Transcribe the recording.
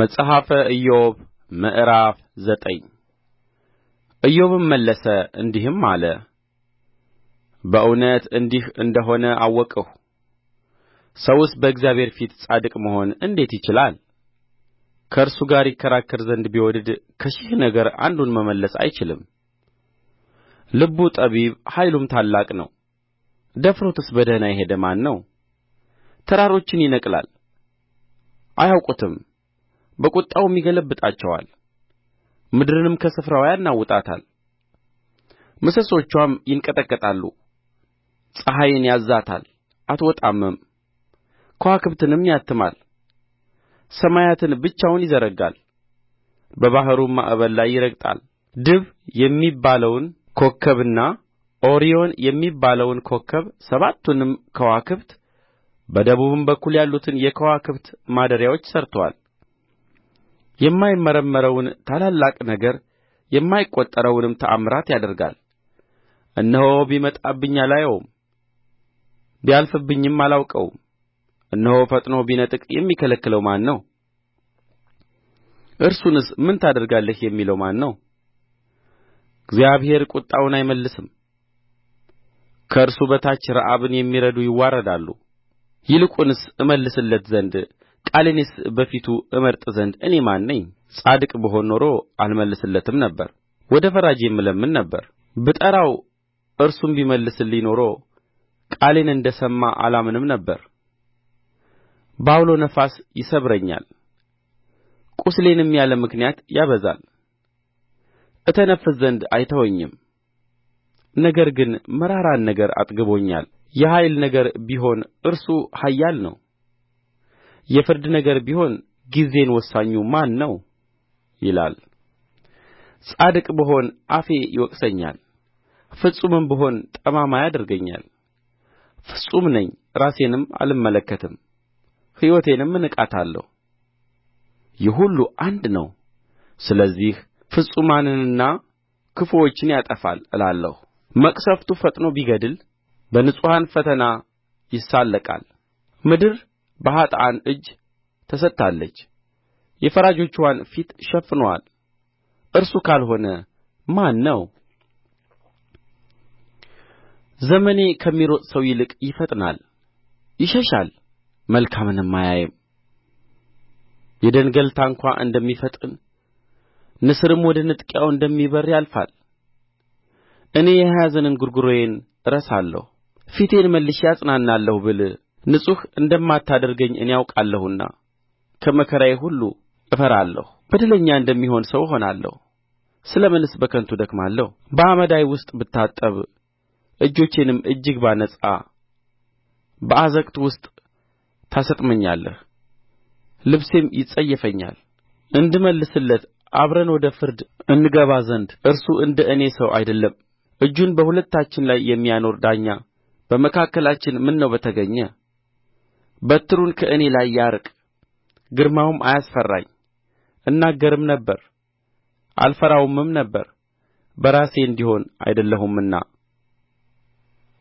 መጽሐፈ ኢዮብ ምዕራፍ ዘጠኝ ኢዮብም መለሰ እንዲህም አለ በእውነት እንዲህ እንደሆነ አወቅሁ ሰውስ በእግዚአብሔር ፊት ጻድቅ መሆን እንዴት ይችላል? ከእርሱ ጋር ይከራከር ዘንድ ቢወድድ ከሺህ ነገር አንዱን መመለስ አይችልም። ልቡ ጠቢብ ኃይሉም ታላቅ ነው። ደፍሮትስ በደኅና የሄደ ማን ነው? ተራሮችን ይነቅላል፣ አያውቁትም በቍጣውም ይገለብጣቸዋል ምድርንም ከስፍራዋ ያናውጣታል ምሰሶችዋም ይንቀጠቀጣሉ ፀሐይን ያዝዛታል አትወጣምም ከዋክብትንም ያትማል ሰማያትን ብቻውን ይዘረጋል በባሕሩም ማዕበል ላይ ይረግጣል ድብ የሚባለውን ኮከብና ኦሪዮን የሚባለውን ኮከብ ሰባቱንም ከዋክብት በደቡብም በኩል ያሉትን የከዋክብት ማደሪያዎች ሠርቶአል የማይመረመረውን ታላላቅ ነገር የማይቈጠረውንም ተአምራት ያደርጋል እነሆ ቢመጣብኝ አላየውም ቢያልፍብኝም አላውቀውም እነሆ ፈጥኖ ቢነጥቅ የሚከለክለው ማን ነው እርሱንስ ምን ታደርጋለህ የሚለው ማን ነው እግዚአብሔር ቍጣውን አይመልስም ከእርሱ በታች ረዓብን የሚረዱ ይዋረዳሉ ይልቁንስ እመልስለት ዘንድ ቃሌንስ በፊቱ እመርጥ ዘንድ እኔ ማን ነኝ ጻድቅ ብሆን ኖሮ አልመልስለትም ነበር ወደ ፈራጄም እለምን ነበር ብጠራው እርሱም ቢመልስልኝ ኖሮ ቃሌን እንደ ሰማ አላምንም ነበር በዐውሎ ነፋስ ይሰብረኛል ቍስሌንም ያለ ምክንያት ያበዛል እተነፍስ ዘንድ አይተወኝም ነገር ግን መራራን ነገር አጥግቦኛል የኃይል ነገር ቢሆን እርሱ ኃያል ነው የፍርድ ነገር ቢሆን ጊዜን ወሳኙ ማን ነው ይላል ጻድቅ ብሆን አፌ ይወቅሰኛል ፍጹምም ብሆን ጠማማ ያደርገኛል ፍጹም ነኝ ራሴንም አልመለከትም ሕይወቴንም እንቃታለሁ ይህ ሁሉ አንድ ነው ስለዚህ ፍጹማንንና ክፉዎችን ያጠፋል እላለሁ መቅሠፍቱ ፈጥኖ ቢገድል በንጹሐን ፈተና ይሳለቃል ምድር በኃጥአን እጅ ተሰጥታለች የፈራጆችዋን ፊት ሸፍኖአል እርሱ ካልሆነ ማን ነው ዘመኔ ከሚሮጥ ሰው ይልቅ ይፈጥናል ይሸሻል መልካምንም አያይም የደንገል ታንኳ እንደሚፈጥን ንስርም ወደ ንጥቂያው እንደሚበር ያልፋል እኔ የኀዘን እንጕርጕሮዬን እረሳለሁ ፊቴን መልሼ እጽናናለሁ ብል ንጹሕ እንደማታደርገኝ እኔ አውቃለሁና ከመከራዬ ሁሉ እፈራለሁ በደለኛ እንደሚሆን ሰው እሆናለሁ ስለ ምንስ በከንቱ እደክማለሁ በአመዳይ ውስጥ ብታጠብ እጆቼንም እጅግ ባነጻ በአዘቅት ውስጥ ታሰጥመኛለህ ልብሴም ይጸየፈኛል እንድመልስለት አብረን ወደ ፍርድ እንገባ ዘንድ እርሱ እንደ እኔ ሰው አይደለም እጁን በሁለታችን ላይ የሚያኖር ዳኛ በመካከላችን ምነው በተገኘ በትሩን ከእኔ ላይ ያርቅ ግርማውም አያስፈራኝ እናገርም ነበር አልፈራውምም ነበር በራሴ እንዲሆን አይደለሁምና